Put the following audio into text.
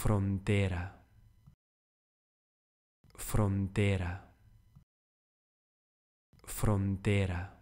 frontera, frontera, frontera.